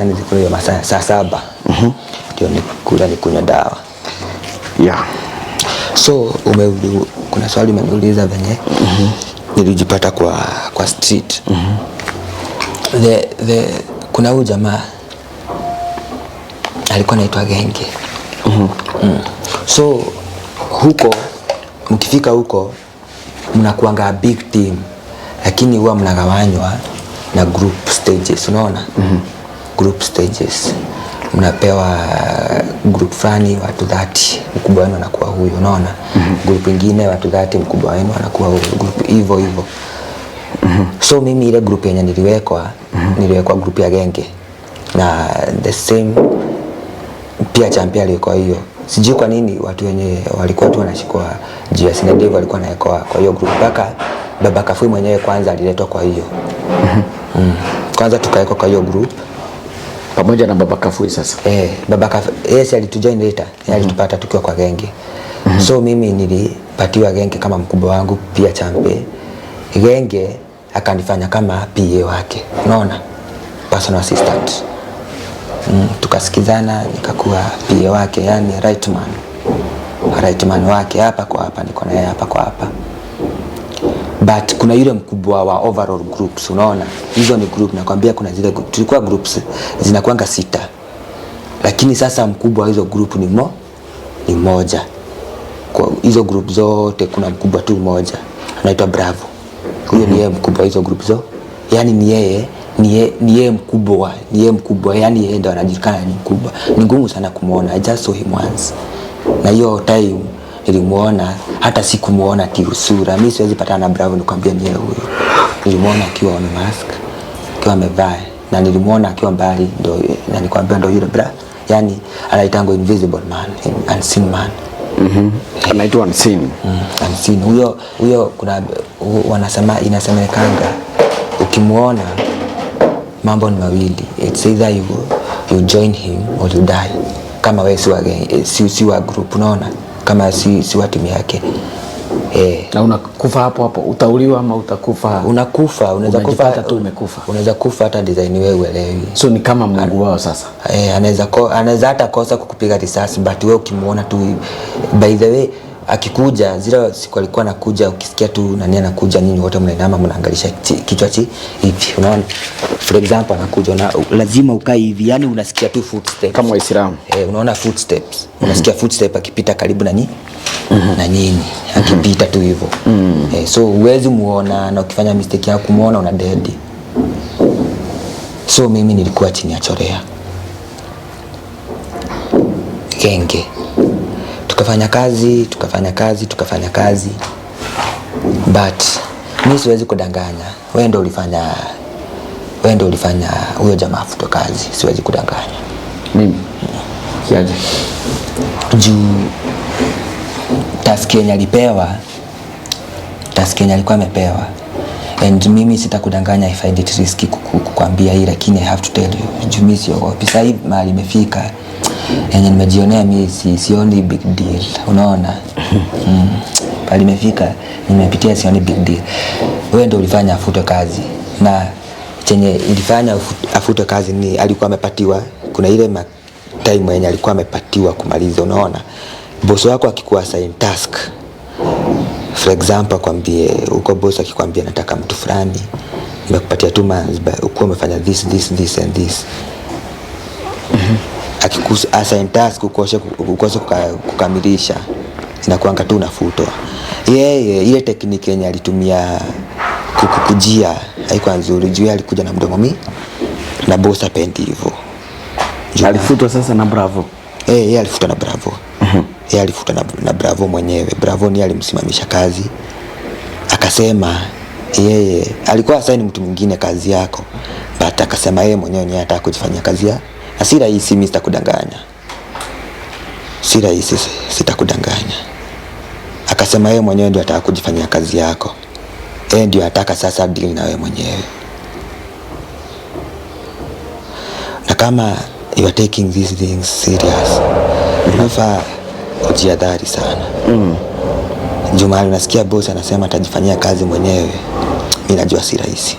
mchana yaani zikuwa masaa saa saba mhm. ndio mm -hmm. nikula nikunywa dawa yeah. So ume, kuna swali umeniuliza venye mm -hmm. nilijipata kwa, kwa street mm -hmm. the, the, kuna huyu jamaa alikuwa anaitwa Genge mm -hmm. mm. So huko mkifika huko mnakuanga a big team, lakini huwa mnagawanywa na group stages, unaona mm -hmm group stages, mnapewa eh, group fulani watu dhati, mkubwa wenu anakuwa huyo, unaona mm -hmm. group ingine watu dhati, mkubwa wenu anakuwa huyo, group hivyo hivyo mm -hmm. so mimi ile group yenye niliwekwa mm -hmm. niliwekwa group ya genge na the same pia champion alikuwa hiyo sijui kwa nini watu wenye walikuwa tu wanashikwa juu ya Sina Dave walikuwa naekoa kwa hiyo group mpaka Baba Kafui mwenyewe kwanza aliletwa kwa hiyo mhm. mm. kwanza tukawekwa kwa hiyo group pamoja na baba Kafui sasa. Eh, baba Kafui yes, alitujoin later. Mm -hmm. Alitupata tukiwa kwa genge Mm -hmm. So mimi nilipatiwa genge kama mkubwa wangu pia champe. Genge akanifanya kama PA wake. Unaona? Personal assistant. Mm, tukasikizana nikakuwa PA wake, yani right man. Right man wake hapa kwa hapa niko naye hapa kwa hapa but kuna yule mkubwa wa overall groups. Unaona, hizo ni group, nakwambia kuna zile tulikuwa groups zinakuanga sita, lakini sasa mkubwa wa hizo group ni mo, ni moja. Kwa hizo group zote kuna mkubwa tu mmoja anaitwa Bravo, huyo mm -hmm. ni yeye mkubwa hizo group zo, yani ni yeye ni yeye mkubwa, ni yeye mkubwa, yani yeye ndo anajulikana ni mkubwa. Ni ngumu sana kumuona, I just saw him once na hiyo time Nilimuona hata sikumuona kiusura. Mimi siwezi patana na Bravo nikwambia mie huyo. Nilimuona akiwa on mask, akiwa amevaa na nilimuona akiwa mbali ndo na nikwambia ndo yule Bravo. Yaani anaitango invisible man, unseen man. Mhm. Mm Anaitwa unseen. Mm, unseen. Huyo huyo kuna wanasema inasemekanga ukimuona mambo ni mawili. It's either you, you join him or you die. Kama wewe si wa eh, si, si wa group unaona? kama si, si wa timu yake eh. Na unakufa hapo hapo, utauliwa ama utakufa? Unakufa, unaweza kufa hata tu umekufa, unaweza kufa hata design wewe uelewi. So ni kama Mungu wao sasa eh, anaweza anaweza hata kosa kukupiga risasi, but wewe ukimuona tu by the way akikuja zile siku alikuwa anakuja, ukisikia tu nani anakuja nini, wote mnainama mnaangalisha kichwa chi hivi, unaona. For example anakuja na lazima ukae hivi, yani unasikia tu footsteps kama Waislamu eh, unaona footsteps, unasikia footsteps akipita karibu na nini mhm. na nini, akipita tu hivyo mhm. eh, so uwezi muona, na ukifanya mistake yako kumuona una dead. So mimi nilikuwa chini ya chorea kenge tukafanya kazi tukafanya kazi tukafanya kazi, but mi siwezi kudanganya, wewe ndio ulifanya, wewe ndio ulifanya huyo jamaa afutwe kazi, siwezi kudanganya mimi kiaje juu taski yenye alipewa, taski yenye alikuwa amepewa and mimi sitakudanganya, if I did risk kukwambia hii, lakini I have to tell you, juu mimi siogopi sasa hivi mahali imefika yenye nimejionea mi si, sioni big deal, unaona mm. Pale nimefika nimepitia, sioni big deal. Wewe ndio ulifanya afute kazi, na chenye ilifanya afute kazi ni alikuwa amepatiwa, kuna ile ma time yenye alikuwa amepatiwa kumaliza. Unaona, bosi wako akikuwa assign task for example, akwambie uko bosi akikwambia nataka mtu fulani, nimekupatia two months, ukuwa umefanya this this this and this akikus assign task kukosha kukosha kukamilisha zinakuanga tu nafutwa. Yeye ile tekniki yenye alitumia kukujia haikuwa nzuri, juu alikuja na mdomo mimi na bosa pendi hivyo. Alifutwa sasa na Bravo. Eh, yeye alifutwa na Bravo. Mhm. Yeye alifutwa na, na Bravo mwenyewe. Bravo ni alimsimamisha kazi. Akasema yeye alikuwa assign mtu mwingine kazi yako. Bata akasema yeye mwenyewe ni hataka kujifanyia kazi yake na si rahisi. Mimi sitakudanganya, si rahisi, sitakudanganya. Akasema yeye mwenyewe ndio ataka kujifanyia kazi yako, yeye ndio ataka sasa deal na wewe mwenyewe, na kama you are taking these things serious, unafaa kujiadhari sana mm. Juma, unasikia boss anasema atajifanyia kazi mwenyewe, mi najua si rahisi.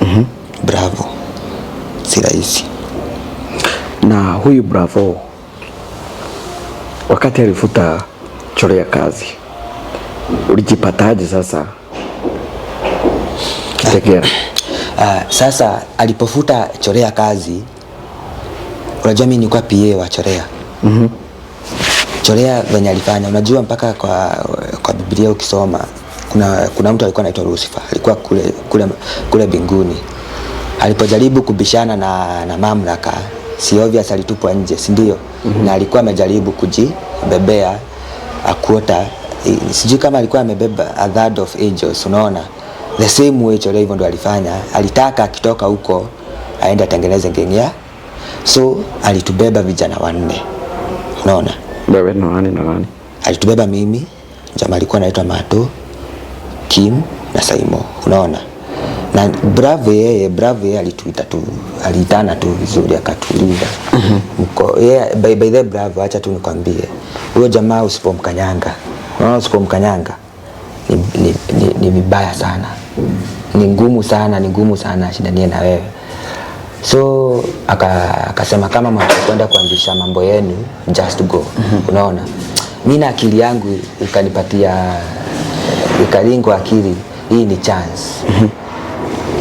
mm -hmm. Bravo, si rahisi na huyu Bravo wakati alifuta chorea kazi, ulijipataje sasa Kitegera? Uh, ah, sasa alipofuta chorea kazi, unajua mimi nilikuwa PA wa chorea mm -hmm. Chorea venye alifanya, unajua mpaka kwa, kwa Biblia ukisoma kuna, kuna mtu alikuwa anaitwa Lucifer alikuwa kule, kule, kule binguni alipojaribu kubishana na, na mamlaka si obvious alitupwa nje, si ndio? mm -hmm. na alikuwa amejaribu kujibebea akuota, sijui kama alikuwa amebeba a third of angels, unaona the same way Chole hivyo ndo alifanya, alitaka akitoka huko aende atengeneze ngenia, so alitubeba vijana wanne, unaona wewe na nani na nani alitubeba mimi, jamaa alikuwa anaitwa Mato Kim na Saimo, unaona na Bravo yeye, Bravo yeye alituita tu, aliitana tu vizuri akatuliza. mm -hmm. yeah, by, by the Bravo, acha tu nikwambie huyo jamaa usipomkanyanga, unaona usipomkanyanga ni, ni, ni, ni vibaya sana, ni ngumu sana, ni ngumu sana shindanie na wewe so akasema aka kama mnakwenda kuanzisha mambo yenu just go. mm -hmm. Unaona, mimi na akili yangu ikanipatia ikalingwa akili hii ni chance. mm -hmm.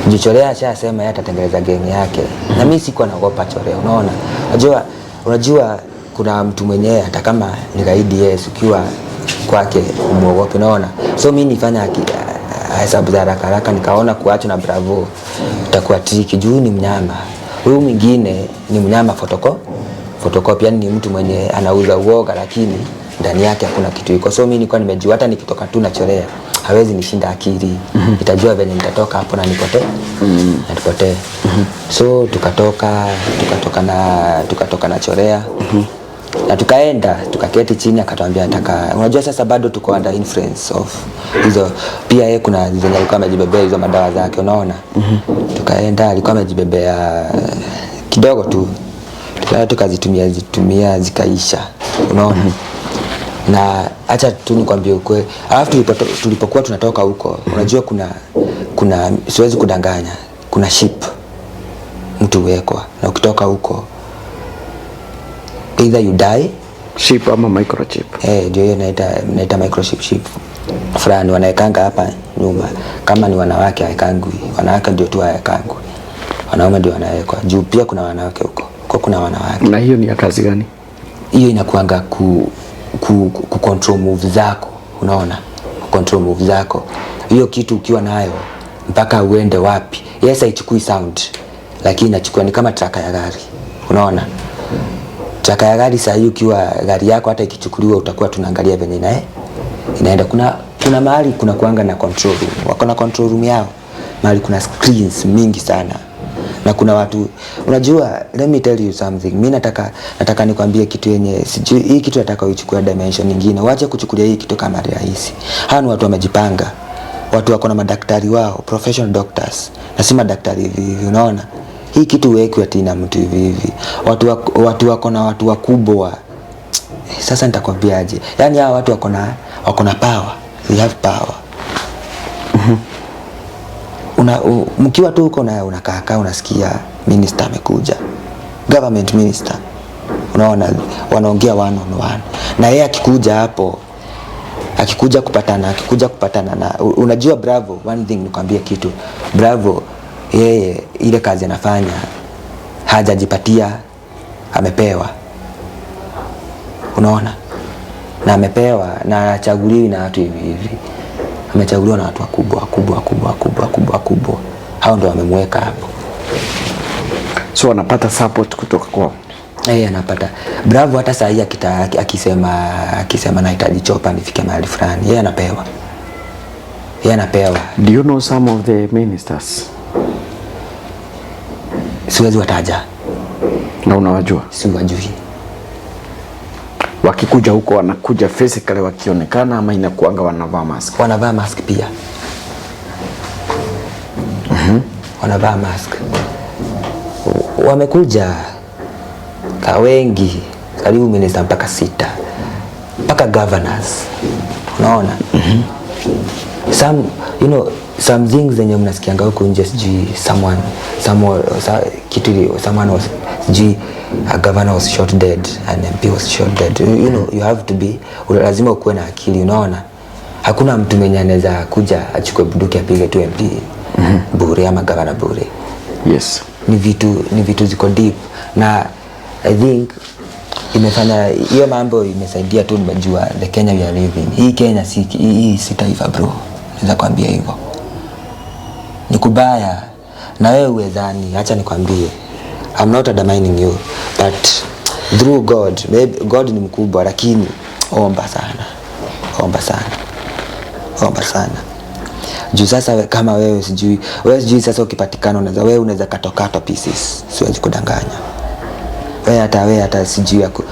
Jichorea ashasema yeye atatengeneza geng yake na mimi sikuwa naogopa Chorea, unaona, unajua unajua kuna mtu mwenyewe hata kama ni gaidi yeye ukiwa kwake umuogope, unaona. So mimi nifanya ah, hesabu za haraka haraka, nikaona kuacha na Bravo itakuwa tricky juu ni mnyama huyu, mwingine ni mnyama fotoko photocopy, yani ni mtu mwenye anauza uoga lakini ndani yake hakuna kitu iko. So mimi nilikuwa nimejua hata nikitoka tu nacholea hawezi nishinda akili mm -hmm. Itajua venye nitatoka hapo na nipotee mm -hmm. nipotee mm -hmm. So tukatoka tukatoka na tukatoka chorea mm -hmm na tukaenda tukaketi chini, akatuambia nataka. Unajua, sasa bado tuko under influence of hizo, pia yeye kuna zenye alikuwa amejibebea hizo madawa zake, unaona mm -hmm. Tukaenda, alikuwa amejibebea kidogo tu, tukaenda tukazitumia zitumia zikaisha, unaona mm -hmm na acha tu nikwambie ukweli. Alafu tulipokuwa tunatoka huko, mhm. unajua kuna kuna, siwezi kudanganya, kuna ship mtu wekwa na ukitoka huko either you die ship ama microchip. Eh, ndio hiyo naita naita microchip ship fulani wanaekanga hapa nyuma, kama ni wanawake waekangwi, wanawake ndio tu waekangwi, wanaume ndio wanawekwa juu. Pia kuna wanawake huko, kwa kuna wanawake. Na hiyo ni ya kazi gani hiyo? Inakuanga ku ku, ku control move zako, unaona ku control move zako. Hiyo kitu ukiwa nayo mpaka uende wapi, yes, haichukui sound, lakini inachukua ni kama traka ya gari, unaona traka ya gari. Sasa hiyo ukiwa gari yako hata ikichukuliwa, utakuwa tunaangalia venye ina inaenda. Kuna kuna mahali kuna kuanga na control room, wako na control room yao mahali kuna screens mingi sana na kuna watu unajua, let me tell you something. Mimi nataka nataka nikwambie kitu yenye sijui hii kitu nataka uichukue dimension nyingine. Waache kuchukulia hii kitu kama rahisi. Hawa ni watu wamejipanga, watu wako na madaktari wao, professional doctors, na si madaktari hivi hivi, unaona hii kitu weki ati na mtu hivi hivi, watu wako, watu wako na watu wakubwa. Sasa nitakwambiaje? Yani hawa watu wako na wako na power, they have power una, mkiwa tu huko na unakaa kaa unasikia minister amekuja, government minister, unaona wanaongea one on one, na yeye akikuja hapo akikuja kupatana akikuja kupatana na unajua, Bravo, one thing nikwambie kitu Bravo, yeye ile kazi anafanya hajajipatia, amepewa, unaona, na amepewa na achaguliwi na watu hivi hivi amechaguliwa na watu wakubwa wakubwa wakubwa wakubwa wakubwa wakubwa, hao ndio wamemweka hapo, so anapata support kutoka kwa Eh, anapata Bravo. Hata saa hii akisema akisema nahitaji chopa nifike mahali fulani, yeye anapewa, yeye anapewa. Do you know some of the ministers? Siwezi wataja. Na unawajua? Siwajui wakikuja huko wanakuja physically wakionekana, ama inakuanga wanavaa mask? Wanavaa mask pia. mm -hmm. Wanavaa mask, wamekuja ka wengi, karibu minista mpaka sita mpaka governors, unaona mm -hmm. Some, you know, some things zenye mnasikianga huko nje sijui someone, someone, kitu someone was, sijui a governor was shot dead, and MP was shot dead. You, you know, you have to be, lazima ukuwe na akili, unaona. Hakuna mtu mwenye anaweza kuja achukue bunduki apige tu MP mm -hmm. bure ama gavana bure. Yes. Ni vitu, ni vitu ziko deep na I think imefanya hiyo mambo imesaidia tu, nimejua the Kenya we are living. Hii Kenya si hii si taifa bro, naweza kwambia hivyo, ni kubaya na wewe uwezani. Acha nikwambie I'm not undermining you but through God, maybe God ni mkubwa, lakini omba sana, omba sana, omba sana juu sasa kama wewe sijui wewe sijui sasa ukipatikana unaweza wewe unaweza katokatwa pieces, siwezi kudanganya wewe hata wewe hata sijui aku,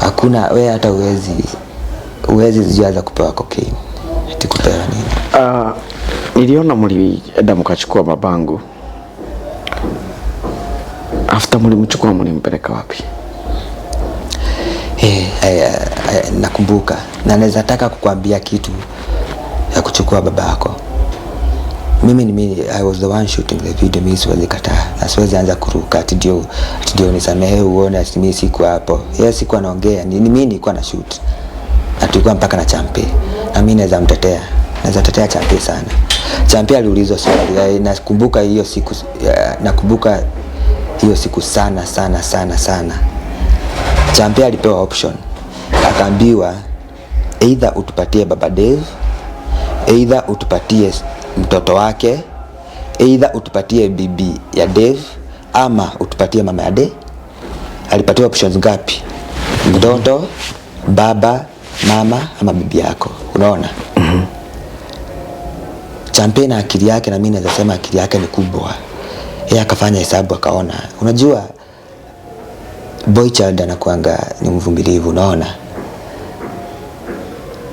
hakuna wewe hata uwezi uwezi sijui aza kupewa cocaine ati kupewa nini? Uh, niliona mlienda mkachukua mabango After mlimchukua mlimpeleka wapi? Hey, eh, eh, hey, eh, hey, nakumbuka na naweza taka kukuambia kitu ya kuchukua baba yako. Mimi ni mimi, I was the one shooting the video. Mimi siwezi kataa na siwezi anza kuruka ati ndio ati ndio nisamehe, uone ati mimi siko hapo. Yeye siko anaongea ni mimi nilikuwa na shoot na tulikuwa mpaka na champi na mimi naweza mtetea, naweza tetea champi sana. Champi aliulizwa swali, nakumbuka hiyo siku, nakumbuka hiyo siku sana sana sana sana. Champea alipewa option, akaambiwa either utupatie baba Dave, either utupatie mtoto wake, either utupatie bibi ya Dave ama utupatie mama ya Dave. Alipatiwa options ngapi? Mtoto, baba, mama ama bibi yako? Unaona? Champea mhm. na akili yake, na mimi naweza sema akili yake ni kubwa yeye akafanya hesabu akaona, unajua boy child anakuanga ni mvumilivu, unaona.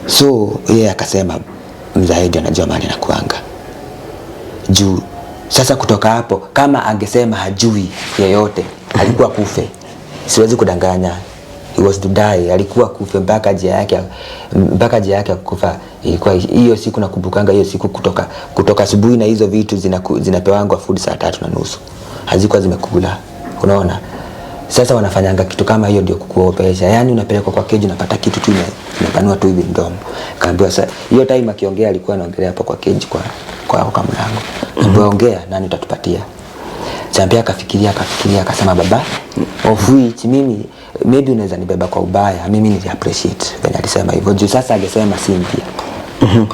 So yeye akasema mzaidi anajua mali anakuanga juu. Sasa kutoka hapo, kama angesema hajui yeyote alikuwa kufe. Siwezi kudanganya he was to die, alikuwa kufa mpaka jia yake mpaka jia yake kufa. Ilikuwa hiyo siku nakumbukanga hiyo siku kutoka kutoka asubuhi, na hizo vitu zinaku, zinapewangwa food saa tatu na nusu hazikuwa zimekula, unaona. Sasa wanafanyanga kitu kama hiyo ndio kukuopesha. yani unapelekwa kwa keji unapata kitu tu inapanua tu hivi mdomo. Kaambiwa sasa hiyo time akiongea alikuwa anaongelea hapo kwa keji kwa kwa kwa mlango. Kaambiwa mhm. ongea nani utatupatia. Chambia akafikiria akafikiria akasema baba of which mimi maybe unaweza nibeba kwa ubaya, mimi ni appreciate venye alisema hivyo juu sasa angesema Cynthia mm -hmm.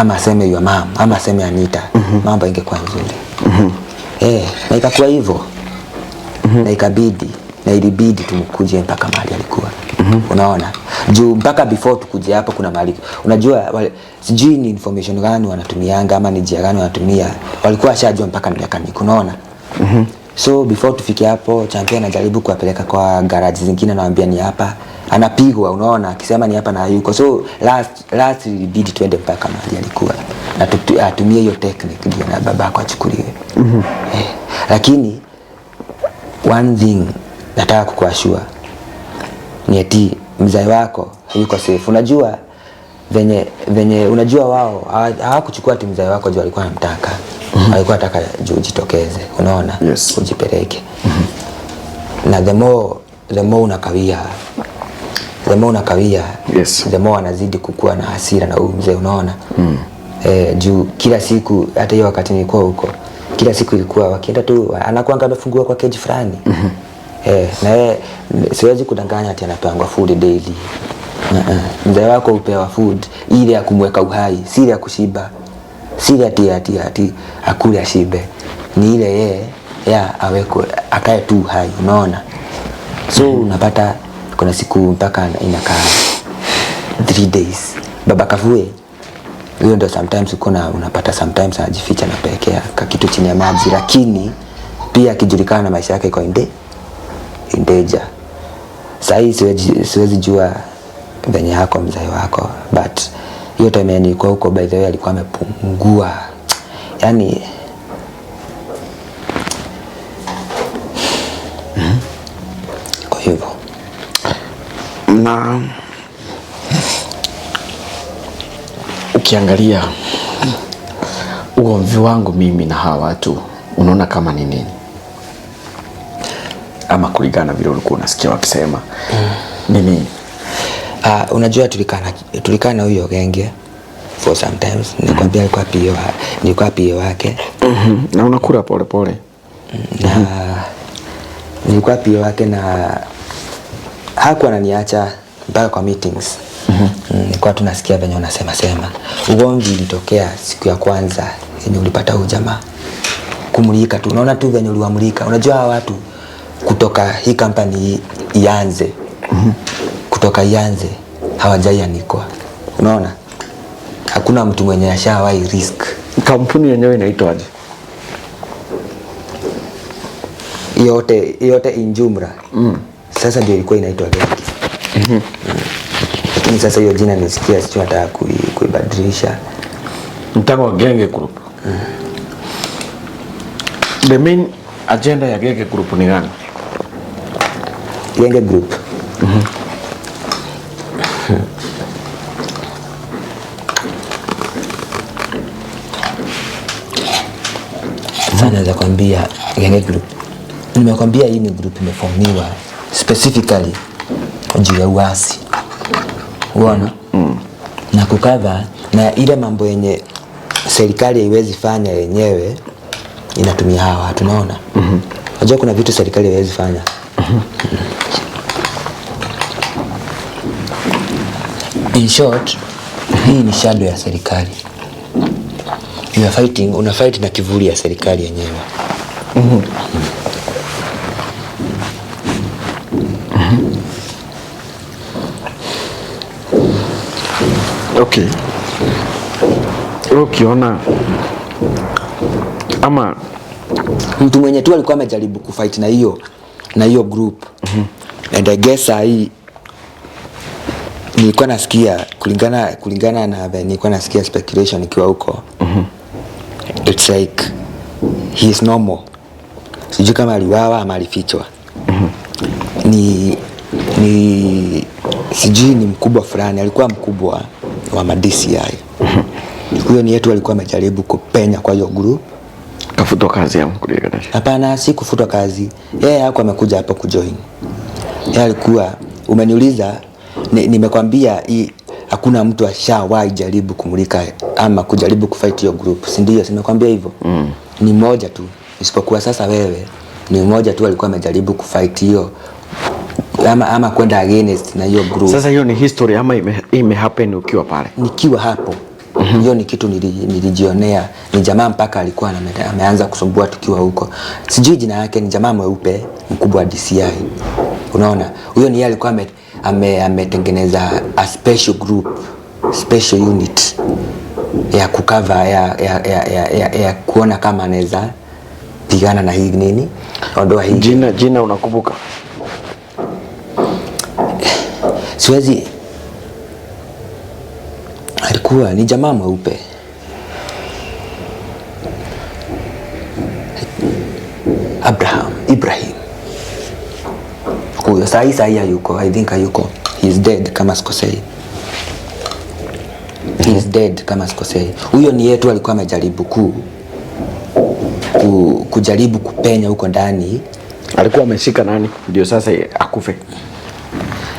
ama aseme your mom ama aseme Anita mm -hmm. mambo ingekuwa nzuri mm -hmm. eh, na ikakuwa hivyo mm -hmm. na ikabidi na ilibidi tumkuje mpaka mahali alikuwa mm -hmm. unaona juu mpaka before tukuje hapa kuna mahali unajua wale, sijui ni information gani wanatumianga ama ni jia gani wanatumia walikuwa washajua mpaka miaka mingi unaona mm -hmm. So before tufike hapo, champion anajaribu kuwapeleka kwa garage zingine, anawaambia ni hapa, anapigwa, unaona, akisema ni hapa na yuko. So last last ilibidi twende mpaka mahali alikuwa na atumie hiyo technique, ndio na babako achukuliwe. mm -hmm. Eh, lakini one thing nataka kukuashua ni eti mzai wako yuko safe. Unajua venye venye, unajua wao hawakuchukua timu mzai wako juu alikuwa anamtaka -hmm. alikuwa nataka ujitokeze, unaona yes. Ujipeleke mm -hmm. na the more the more unakawia the more unakawia yes. the more anazidi kukua na hasira na huyu mzee unaona mm. E, eh, juu kila siku hata hiyo wakati nilikuwa huko kila siku ilikuwa wakienda tu anakuanga amefungua kwa keji fulani mm -hmm. E, na yeye siwezi kudanganya ati anapangwa food daily. Mzee wako upewa food ile ya kumweka uhai, si ile ya kushiba sile ati ati ati akule ashibe, ni ile yeye ya aweko akae tu hai, unaona. So mhm. unapata kuna siku mpaka inakaa three days baba kafue hiyo ndo sometimes uko na unapata sometimes anajificha napelekea ka kitu chini ya maji, lakini pia akijulikana na maisha yake iko inde indeja. Sasa hii siwezi, siwezi jua venye yako mzai wako but hiyo time nilikuwa huko, by the way, alikuwa amepungua yani hmm? hivyo na ukiangalia ugomvi wangu mimi na hawa watu unaona kama ni nini, ama kulingana vile ulikuwa unasikia wakisema mm. ni nini Ah, Uh, unajua tulikana tulikana huyo genge for sometimes nikwambia alikuwa pia wa, nilikuwa pia wake mm -hmm. na unakula pole pole mm, na mm -hmm. nilikuwa pia wake na hakuwa ananiacha mpaka kwa meetings Mhm. mm nilikuwa mm, tunasikia venye unasema sema ugomvi ulitokea siku ya kwanza yenye ulipata huyo jamaa kumulika tu unaona tu venye uliwamulika unajua watu kutoka hii kampani ianze Mhm. mm kutoka ianze hawajaianikwa. Unaona, hakuna mtu mwenye ashawahi risk. Kampuni yenyewe inaitwaje? Yote yote injumra mm. Sasa ndio ilikuwa inaitwa Genki mm -hmm. mm. Lakini sasa hiyo jina nisikia, sio nataka kuibadilisha mtango wa Genge Group mm. The main agenda ya Genge Group ni gani? Genge Group mm -hmm. Sasa naweza kwambia Genge Group, nimekwambia hii ni group imeformiwa specifically juu ya uasi, uona mm. na kukava na ile mambo yenye serikali haiwezi fanya yenyewe inatumia hawa, tunaona mhm. unajua mm -hmm. kuna vitu serikali haiwezi fanya mm -hmm. In short, hii ni shadow ya serikali. Una fighting, una fight na kivuli ya serikali yenyewe. Mhm. Mm mm -hmm. Okay. Ukiona ama mtu mwenye tu alikuwa amejaribu kufight na hiyo na hiyo group. Mm -hmm. And I guess I nilikuwa nasikia kulingana kulingana na vile nilikuwa nasikia speculation ikiwa huko mm -hmm. it's like he is normal sijui kama aliwawa ama alifichwa mm -hmm. ni ni sijui ni mkubwa fulani alikuwa mkubwa wa madisi hayo mm -hmm. huyo ni yetu alikuwa amejaribu kupenya kwa hiyo group kafutwa kazi ama kulikadashi hapana si kufutwa kazi yeye hako amekuja hapa kujoin yeye alikuwa umeniuliza nimekwambia hii hakuna mtu ashawahi jaribu kumulika ama kujaribu kufight hiyo group, si ndio? Simekwambia hivyo mm. Ni moja tu, isipokuwa sasa wewe ni moja tu alikuwa amejaribu kufight hiyo ama, ama kwenda against na hiyo group. Sasa hiyo ni history ama ime, ime happen ukiwa pale, nikiwa hapo mm -hmm. Ni kitu nilijionea, ni jamaa mpaka alikuwa ameanza kusumbua tukiwa huko, sijui jina yake, ni jamaa mweupe mkubwa wa DCI, unaona, huyo ni yeye alikuwa ame, ametengeneza ame a special group, special unit ya kukava ya, ya, ya, ya, ya, ya kuona kama anaweza pigana na hii nini, ondoa hii jina. Jina unakumbuka? Siwezi, alikuwa ni jamaa mweupe Abraham Ibrahim huyo sahii sahii hayuko, I think ayuko he is dead kama sikosei he is dead kama sikosei. Huyo ni yetu alikuwa amejaribu ku, ku, kujaribu kupenya huko ndani. Alikuwa ameshika nani ndio sasa akufe?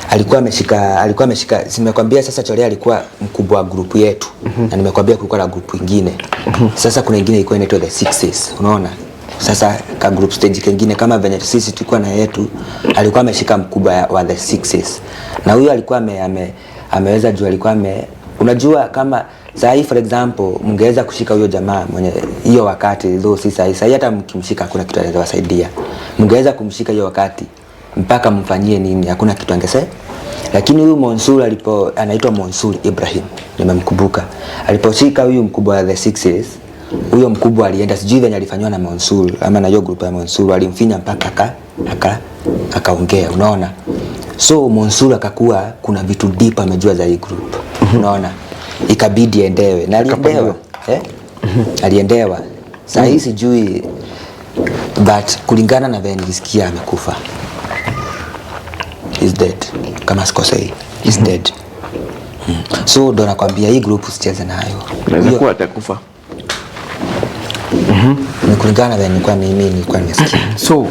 Alikuwa ameshika alikuwa ameshika, simekwambia sasa, Chorea alikuwa mkubwa wa grupu yetu mm -hmm. na nimekwambia kulikuwa na grupu ingine mm -hmm. Sasa kuna ingine ilikuwa inaitwa the sixes, unaona sasa ka group stage kengine kama venye sisi tulikuwa na yetu, alikuwa ameshika mkubwa wa the sixes, na huyo alikuwa ame, ame, ameweza juu alikuwa ame, unajua kama saa hii for example mngeweza kushika huyo jamaa mwenye hiyo wakati, though si saa hii, hata mkimshika hakuna kitu anaweza mngeweza kumshika hiyo wakati mpaka mfanyie nini, hakuna kitu angese. Lakini huyu Monsuri alipo, anaitwa Monsuri Ibrahim, nimemkumbuka aliposhika huyu mkubwa wa the sixes huyo mkubwa alienda, sijui venye alifanywa na Monsul ama na hiyo group ya Monsul, alimfinya mpaka aka aka akaongea, unaona. So Monsul akakuwa kuna vitu deep amejua za hii group, unaona, ikabidi endewe na aliendewa eh, aliendewa saa hii mm. sijui, but kulingana na venye nilisikia amekufa, is dead kama sikosei, is mm-hmm. dead. Mm. So ndo nakwambia hii group usicheze nayo, inaweza kuwa atakufa ni kulingana na nilikuwa mimi nilikuwa nimesikia. So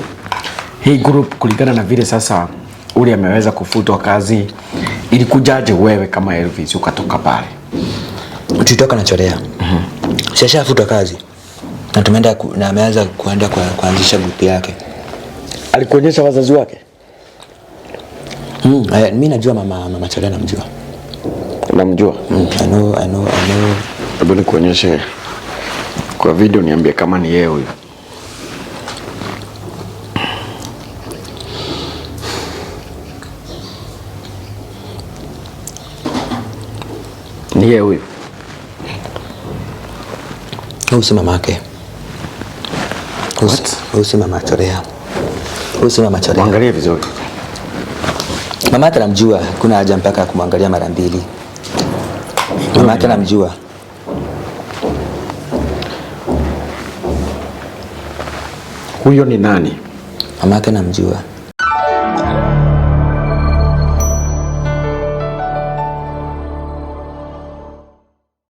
hii group kulingana na vile sasa Uli ameweza kufutwa kazi, ilikujaje wewe kama Elvis ukatoka pale? Tulitoka na Chorea. Mhm. Sasa afutwa kazi na tumeenda ku, na ameanza kuenda kwa kuanzisha group yake. Alikuonyesha wazazi wake? Mm, eh, mimi najua mama mama Chorea namjua. Namjua. Mm, I know I know I know. Hebu nikuonyeshe. Kwa video niambie kama ni yeye huyu. Ni yeye huyu au si mamake. What? Huyu si mama Chorea, huyu si mama Chorea. Mwangalie vizuri. Mama yake anamjua, kuna haja mpaka kumwangalia mara mbili. Mama yake anamjua Huyo ni nani? Mamake namjua.